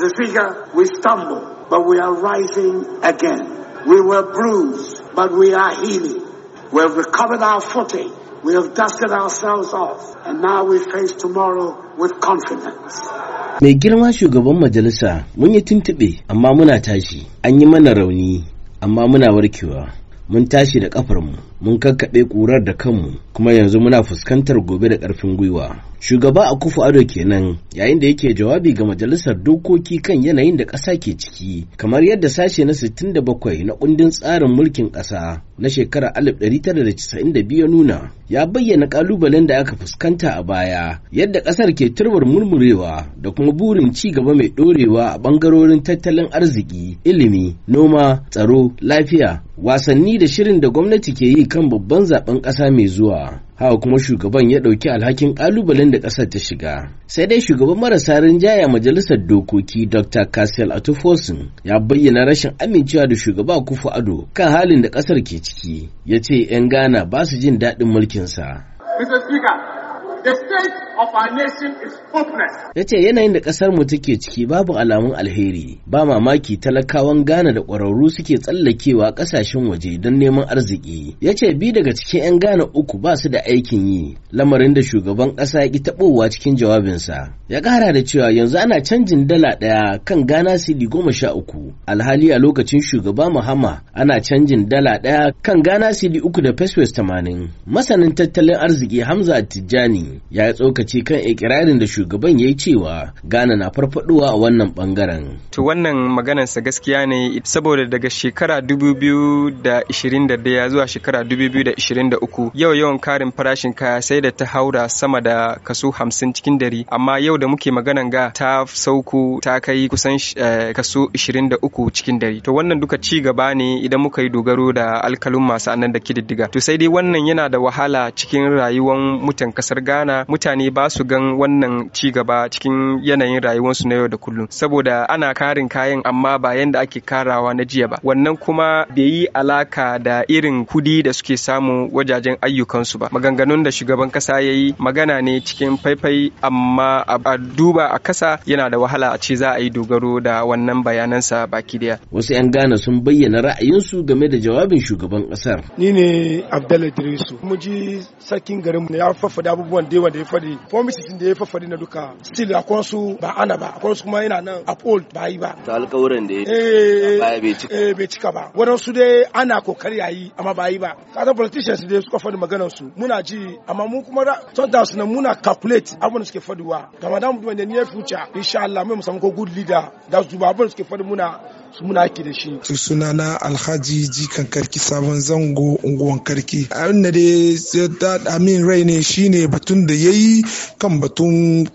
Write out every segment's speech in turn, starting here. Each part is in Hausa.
the figure, we stumble, but we are rising again. We were bruised, but we are healing. We have recovered our footing. We have dusted ourselves off, and now we face tomorrow with confidence. Mai girma shugaban majalisa mun yi tuntuɓe amma muna tashi, an yi mana rauni amma muna warkewa. Mun tashi da ƙafarmu, mun kakkaɓe ƙurar da kanmu, kuma yanzu muna fuskantar gobe da ƙarfin gwiwa. Shugaba a kufu Ado kenan yayin da yake jawabi ga majalisar dokoki kan yanayin da ƙasa ke ciki, kamar yadda sashe na 67 na kundin tsarin mulkin ƙasa na shekarar 1992 ya nuna, ya bayyana ƙalubalen da aka fuskanta a baya, yadda ƙasar ke turbar murmurewa da kuma burin ci gaba mai ɗorewa a bangarorin tattalin arziki, ilimi, noma, tsaro, lafiya, wasanni da shirin da gwamnati ke yi kan babban zaben ƙasa mai zuwa. Hawa kuma shugaban ya ɗauki alhakin ƙalubalen halin da ƙasar ta shiga. Sai dai shugaban marasa rinjaya majalisar dokoki Dr. Kasel Atufosin ya bayyana rashin amincewa da shugaba Kufu Ado kan halin da ƙasar ke ciki. Ya ce 'yan Ghana ba su jin daɗin mulkinsa. The state of our nation is hopeless. Ya ce yanayin da ƙasar mu take ciki babu alamun alheri. Ba mamaki talakawan Ghana da ƙwararru suke tsallakewa ƙasashen waje don neman arziki. Ya ce bi daga cikin 'yan Ghana uku ba su da aikin yi. Lamarin da shugaban ƙasa ya ki taɓowa cikin jawabinsa. Ya ƙara da cewa yanzu ana canjin dala ɗaya kan Ghana CD goma sha uku. Alhali a lokacin shugaba Muhammad ana canjin dala ɗaya kan Ghana CD uku da Peswes tamanin. Masanin tattalin arziki Hamza Tijjani ya tsokaci kan ikirarin da shugaban ya yi cewa Ghana na farfaduwa a wannan bangaren. To wannan maganarsa gaskiya ne saboda daga shekara 2021 zuwa shekara 2023 yau yawan karin farashin kaya sai da ta haura sama da kaso 50 cikin dari amma yau da muke maganan ga ta sauko ta kai kusan eh, kaso 23 cikin dari. To wannan duka ci gaba ne idan muka yi dogaro da alkalin masu annan da kididdiga. To sai dai wannan yana da wahala cikin rayuwar mutan kasar Ghana kana mutane ba su gan wannan ci gaba cikin yanayin rayuwarsu na yau da kullum saboda ana karin kayan amma ba yanda ake karawa na jiya ba wannan kuma bai yi alaka da irin kudi da suke samu wajajen ayyukansu ba maganganun da shugaban kasa ya yi magana ne cikin faifai amma a duba a kasa yana da wahala a ce za a yi dogaro da wannan bayanansa baki daya wasu 'yan gana sun bayyana ra'ayinsu game da jawabin shugaban kasar ni ne Abdallah Idrisu mu ji sakin garin ya faffada abubuwan abubuwan da yawa da ya faɗi promises da ya faɗi na duka still akwai su ba ana ba akwai su kuma yana nan uphold ba yi ba ta alƙawarin da ya eh, bai cika ba eh, su dai ana kokari a yi amma ba yi ba kaga politicians dai suka faɗi maganar su muna ji amma mu kuma sometimes na muna calculate abin da suke faduwa gama da mu duba ne future insha Allah mai mu samu ko good leader da su ba abin da suke faɗi muna suna muna da shi su na alhaji jikan karki sabon zango unguwan karki abin da dai amin rai ne shine batun da yayi kan batun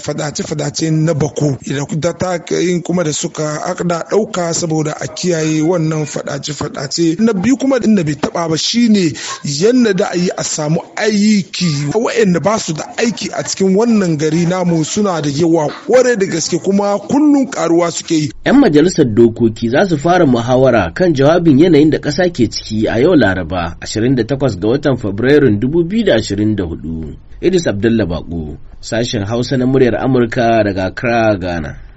fadace fadace na bako da ta kuma da suka akda dauka saboda a kiyaye wannan fadace fadace na biyu kuma ina bai taba ba shine yanda da yi a samu aiki wa'anda ba su da aiki a cikin wannan gari namu suna da yawa kware da gaske kuma kullum karuwa suke yi yan majalisar dokoki dokoki za su fara muhawara kan jawabin yanayin da ƙasa ke ciki a yau laraba 28 ga watan fabrairun 2024 idris Abdullahi bako sashen hausa na muryar amurka daga accra ghana